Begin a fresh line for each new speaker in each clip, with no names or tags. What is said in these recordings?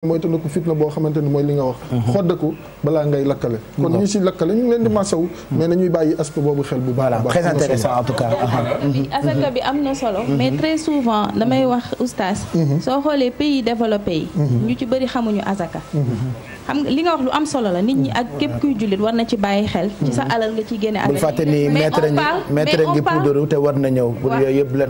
mooy tënd ko fitna boo xamante ni mooy li nga wax mhm. xoddaku balaa ngay lakkale mhm. kon ñu si lakkale ñu ngi leen di masawu mhm. mais nañuy bàyyi aspect boobu xel bu baax très intéressant en tout
soo xoolee pays développé yi ñu ci bëri xamuñu asaka xam nga li nga wax lu am solo la nit ñi ak képp kuy jullit war na ci bàyyi xel ci sa alal nga ciy génne alal bul fàtte ni maître ngi maître ngi poudre
te war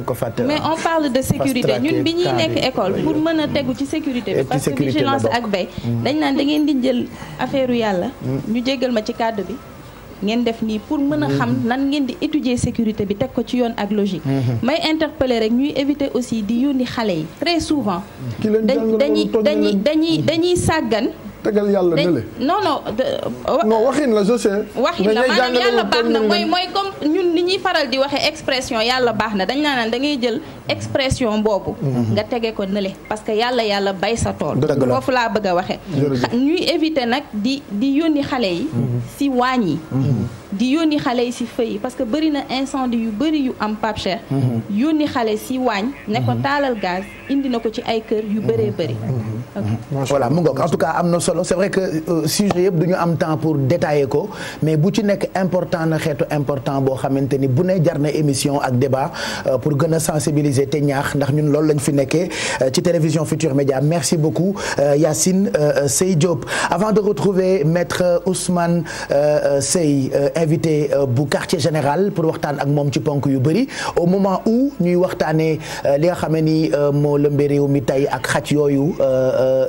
ko fàtte mais on parle de sécurité bi ñuy nekk école pour
mën a tegu ci sécurité bi vigilance ak bay dañ naan da ngeen di jël affaire yàlla mm. ñu jéggal ma ci kàddu bi ngeen def nii pour mën a mm-hmm. xam nan ngeen di étudier sécurité bi teg ko ci yoon ak logique mm-hmm. may interpeller rek ñuy éviter aussi di yónni xale yi très souvent mm-hmm. dañuy dañuy dañuy dañuy sàggan tegal yàlla délé. non non. non waxin la je sais. waxin la maanaam yàlla baax na mooy mooy comme ñun ni ñuy faral di waxee expression yàlla baax na dañ naan da ngay jël expression boobu. Mhm. nga tege ko nële parce que yàlla yàlla bay sa tool. fu laa bëgg a waxee. ñuy éviter nag di di yónni xale yi. Mhm. si waañ yi. Mhm. di yónni xale yi si fëy yi parce que bëri na incendie yu bëri yu am Pape yónni xale si waañ. ne ko taalal gaz indi na ko ci ay kër yu bëree bëri.
voilà mu ngoog en tout cas am na solo c'est vrai que euh, sujet yëpp du ñu am temps pour détailler ko mais bu ci nekk important na xeetu important boo xamante ni bu ne jar na émission ak débat euh, pour gën a sensibiliser te ñaax ndax ñun loolu lañ fi nekkee euh, ci télévision Futur Média merci beaucoup Yacine Seye Diop avant de retrouver maître Ousmane Seye invité bu quartier général pour waxtaan ak moom ci ponk yu bëri au moment où ñuy waxtaanee li nga xam ne ni moo lëmbee réew mi tey ak xaj yooyu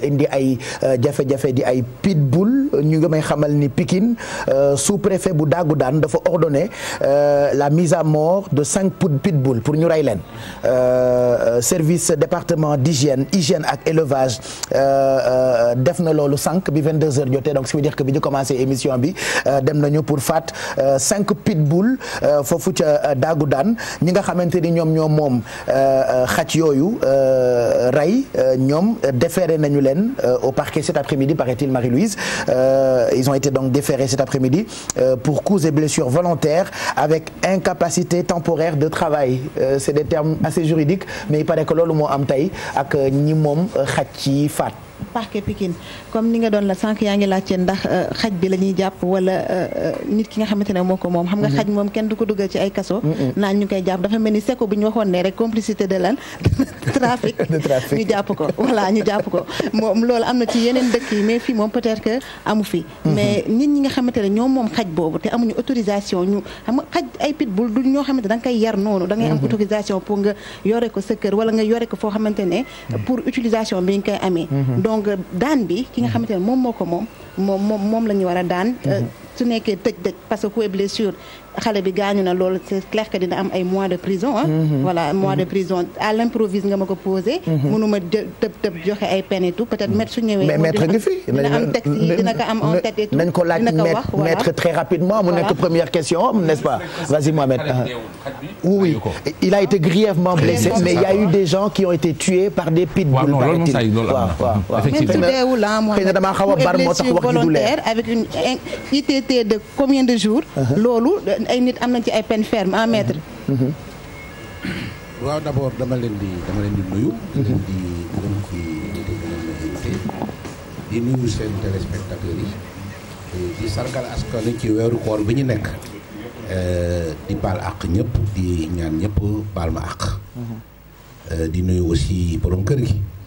indi ay euh, jafe-jafe di ay pitbull ñu ngi may xamal ni Pikine euh, sous-préfet bu daagu daan dafa ordonné euh, la mise à mort de cinq pitbull pour ñu rey leen euh, service département d'hygiène hygiène ak élevage def na loolu sànq bi 22 heures jotee donc ce qui veut dire que bi ñu commencé émission bi dem nañu pour faat cinq pitbull foofu ca daagu daan ñi nga xamante ni ñoom ñoom moom xaj yooyu rey ñoom déféré nañu leen au parquet cet après-midi paraît-il Marie-Louise Euh, ils ont été donc déférés cet après-midi euh, pour coups et blessures volontaires avec incapacité temporaire de travail euh, c'est des termes assez juridiques mais il paraît que loolu moo am tey ak ñi moom xaj ci faat
parquet Pikine comme ni nga doon la sànq yaa ngi laajte ndax euh, xaj bi la ñuy jàpp wala euh, euh, nit ki nga xamante ne moo ko moom xam nga mm-hmm. xaj moom kenn du ko dugal ci ay kaso naan ñu koy jàpp dafa mel ni seko bi ñu waxoon ne rek complicité de lan trafic ñu jàpp ko voilà ñu jàpp ko moom loolu am na ci yeneen dëkk yi mais fii moom peut-être que amu fi mm-hmm. mais nit ñi nga xamante ne ñoom moom xaj boobu te amuñu autorisation ñu xam nga xaj ay pitbull du ñoo xamante da nga koy yar noonu da ngay am mm-hmm. autorisation pour nga yore ko sa kër wala nga yore ko foo xamante ne pour utilisation bi nga koy amee donc euh, daan bi ki nga mm-hmm. xamante ne moom moo ko moom moom moom moom la ñu war a daan euh, mm-hmm. su nekkee tëj dëj parce que ku blessure xale bi loolu c'est clair que dina am ay mois de prison mhm. mhm. à l'improvise nga ma ko posé mhm. mënuma tëb tëb joxe ay peine et tout peut-être maître su ñëwee
très rapidement mu première question n'est-ce pas ah. oui il a été grièvement blessé mais il y a eu des gens qui ont été tués par des pitbulls paraît-il waaw effectivement
xëy na damaa xaw avec une ITT de combien de jours uh-huh. loolu ay nit am nañ ci ay peine ferme en ah, maître. Mm-hmm. Mm-hmm.
waaw d' abord dama leen di dama leen di nuyu. Mm-hmm. di leen di ci yi. di sargal askan ci weeru koor bi ñu nekk. Euh, di baal àq ñëpp di ñaan ñëpp baal ma àq. Euh, di nuyu aussi borom kër gi.